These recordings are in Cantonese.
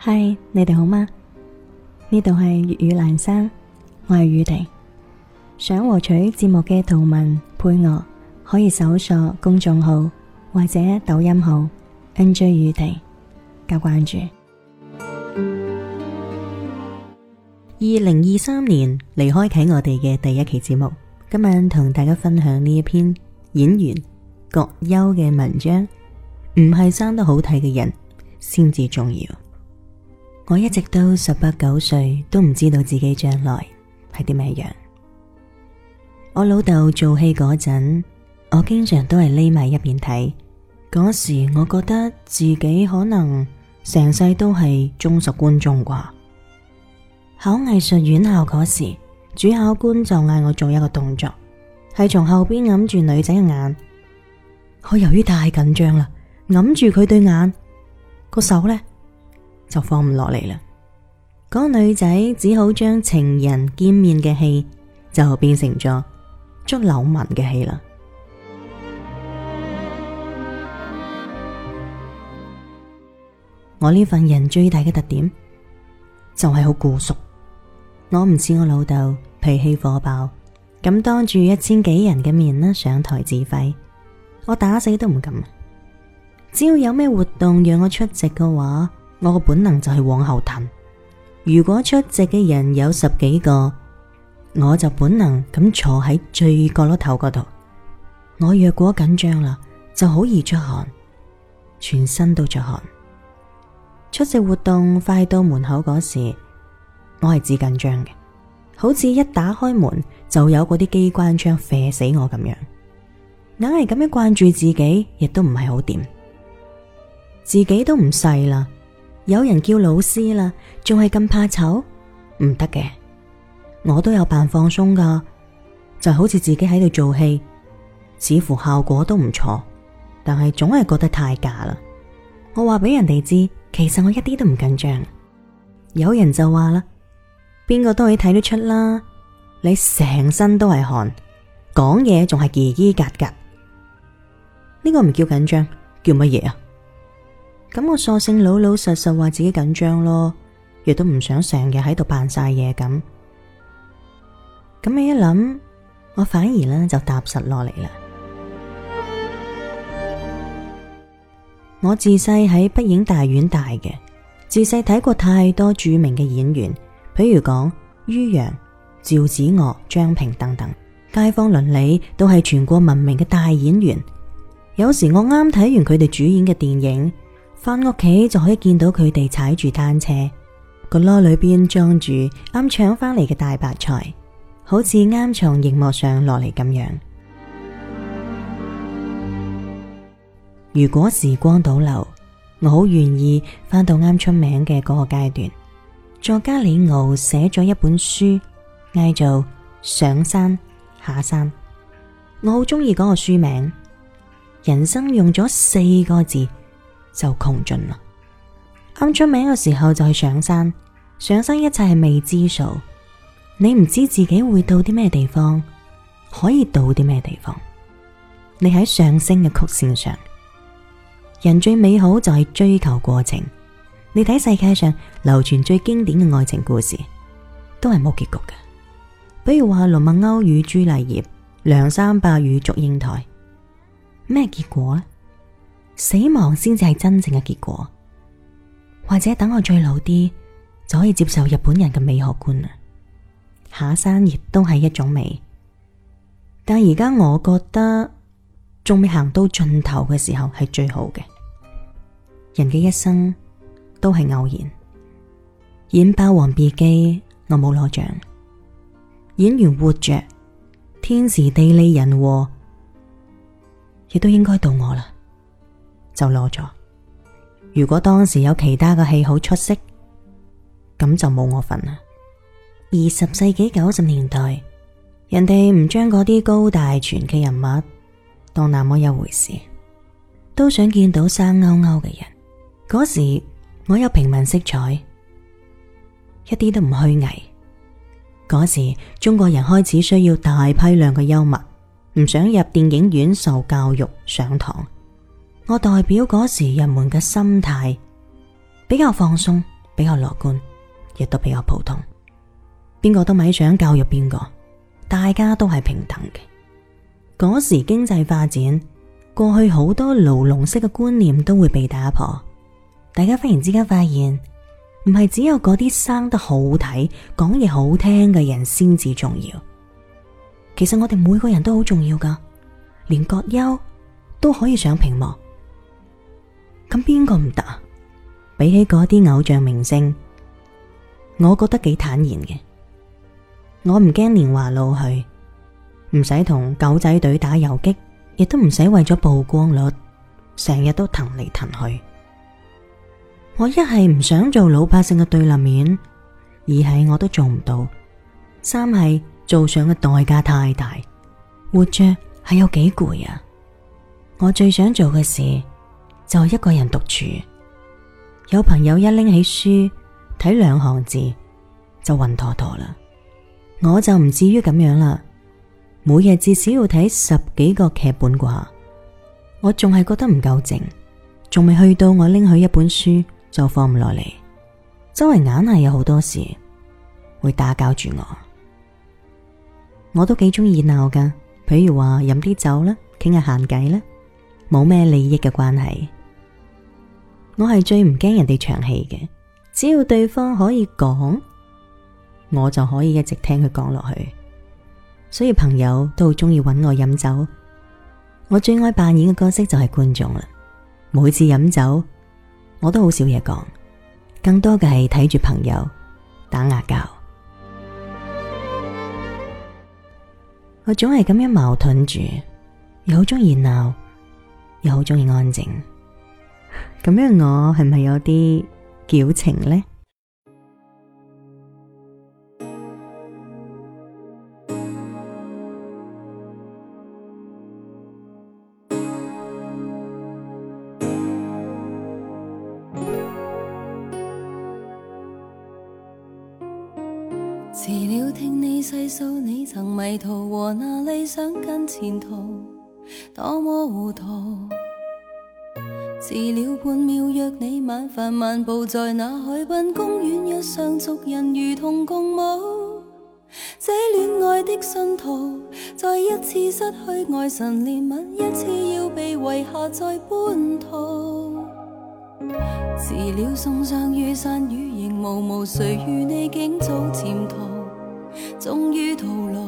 嗨，Hi, 你哋好嗎？呢度係粵語欄生，我係宇婷。想獲取節目嘅圖文配樂，可以搜索公眾號或者抖音號 NJ 宇婷加關注。二零二三年嚟開啟我哋嘅第一期節目，今晚同大家分享呢一篇演員葛優嘅文章。唔係生得好睇嘅人先至重要。我一直都十八九歲都唔知道自己將來係啲咩樣。我老豆做戲嗰陣，我經常都係匿埋一邊睇。嗰時我覺得自己可能成世都係忠實觀眾啩。考藝術院校嗰時，主考官就嗌我做一個動作，係從後邊揞住女仔嘅眼。我由於太緊張啦，揞住佢對眼個手咧。就放唔落嚟啦。嗰、那個、女仔只好將情人見面嘅戲就變成咗捉流氓嘅戲啦。 我呢份人最大嘅特點就係好固熟，我唔似我老豆脾氣火爆，咁當住一千幾人嘅面呢上台指揮，我打死都唔敢。只要有咩活動讓我出席嘅話，我個本能就係往後騰。如果出席嘅人有十幾個，我就本能咁坐喺最角落頭嗰度。我若果緊張啦，就好易出汗，全身都出汗。出席活動快到門口嗰時，我係至緊張嘅，好似一打開門就有嗰啲機關槍射死我咁樣。硬係咁樣慣住自己，亦都唔係好掂，自己都唔細啦。有人叫老師啦，仲係咁怕醜，唔得嘅。我都有扮放鬆噶，就好似自己喺度做戲，似乎效果都唔錯，但係總係覺得太假啦。我話俾人哋知，其實我一啲都唔緊張。有人就話啦，邊個都可以睇得出啦，你成身都係汗，講嘢仲係結結格格。這」呢個唔叫緊張，叫乜嘢啊？咁我索性老老實實話自己緊張咯，亦都唔想成日喺度扮晒嘢咁。咁你一諗，我反而呢就踏實落嚟啦。 我自細喺北影大院大嘅，自細睇過太多著名嘅演員，譬如講于洋、趙子岳、張平等等，街坊鄰里都係全國聞名嘅大演員。有時我啱睇完佢哋主演嘅電影，翻屋企，就可以見到佢哋踩住單車，個籮裏邊裝住啱搶翻嚟嘅大白菜，好似啱從熒幕上落嚟咁樣。如果時光倒流，我好願意翻到啱出名嘅嗰個階段。作家李敖寫咗一本書，嗌做《上山下山》，我好中意嗰個書名。人生用咗四個字就窮盡啦。啱出名嘅時候就去上山，上山一切係未知數，你唔知自己會到啲咩地方，可以到啲咩地方，你喺上升嘅曲線上，人最美好就係追求過程。你睇世界上流傳最經典嘅愛情故事，都係冇結局嘅。比如話羅密歐與朱麗葉、梁山伯與祝英台，咩結果咧？死亡先至係真正嘅結果，或者等我再老啲就可以接受日本人嘅美學觀啦。下山亦都係一種美，但而家我覺得仲未行到盡頭嘅時候係最好嘅。人嘅一生都係偶然。演《霸王別姬》，我冇攞獎，演完《活着》，天時地利人和，亦都應該到我啦。就攞咗。如果當時有其他嘅戲好出色，咁就冇我份啦。二十世紀九十年代，人哋唔將嗰啲高大全嘅人物當那麼一回事，都想見到生勾勾嘅人。嗰時我有平民色彩，一啲都唔虛偽。嗰時中國人開始需要大批量嘅幽默，唔想入電影院受教育上堂。我代表嗰時人們嘅心態比較放鬆，比較樂觀，亦都比較普通。邊個都咪想教育邊個，大家都係平等嘅。嗰時經濟發展，過去好多牢籠式嘅觀念都會被打破。大家忽然之間發現，唔係只有嗰啲生得好睇、講嘢好聽嘅人先至重要。其實我哋每個人都好重要噶，連葛優都可以上屏幕。咁邊個唔得啊？比起嗰啲偶像明星，我覺得幾坦然嘅。我唔驚年華老去，唔使同狗仔隊打游擊，亦都唔使為咗曝光率成日都騰嚟騰去。我一係唔想做老百姓嘅對立面，二係我都做唔到，三係做上嘅代價太大，活着係有幾攰啊！我最想做嘅事。就一個人獨處，有朋友一拎起書睇兩行字就暈陀陀啦。我就唔至於咁樣啦，每日至少要睇十幾個劇本啩。我仲係覺得唔夠靜，仲未去到我拎起一本書就放唔落嚟。周圍硬係有好多事會打攪住我。我都幾中意熱鬧噶，譬如話飲啲酒啦，傾下閒偈啦，冇咩利益嘅關係。我係最唔驚人哋長氣嘅，只要對方可以講，我就可以一直聽佢講落去。所以朋友都好中意揾我飲酒。我最愛扮演嘅角色就係觀眾啦。每次飲酒，我都好少嘢講，更多嘅係睇住朋友打牙鉸。我總係咁樣矛盾住，又好中意鬧，又好中意安靜。咁樣我係咪有啲矯情呢？除了聽你細數你曾迷途和那理想跟前途，多麼糊塗。遲了半秒約你晚飯，漫步在那海濱公園，一雙足印如同共舞。這戀愛的信徒，再一次失去愛神憐憫，一次要被遺下在半途。遲了送上雨傘，雨仍毛毛，誰與你竟早潛逃？終於徒勞。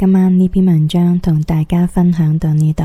今晚呢篇文章同大家分享到呢度。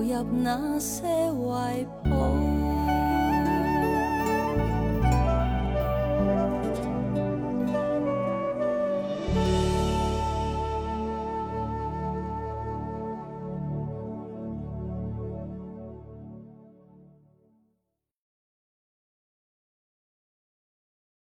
投入那些懷抱。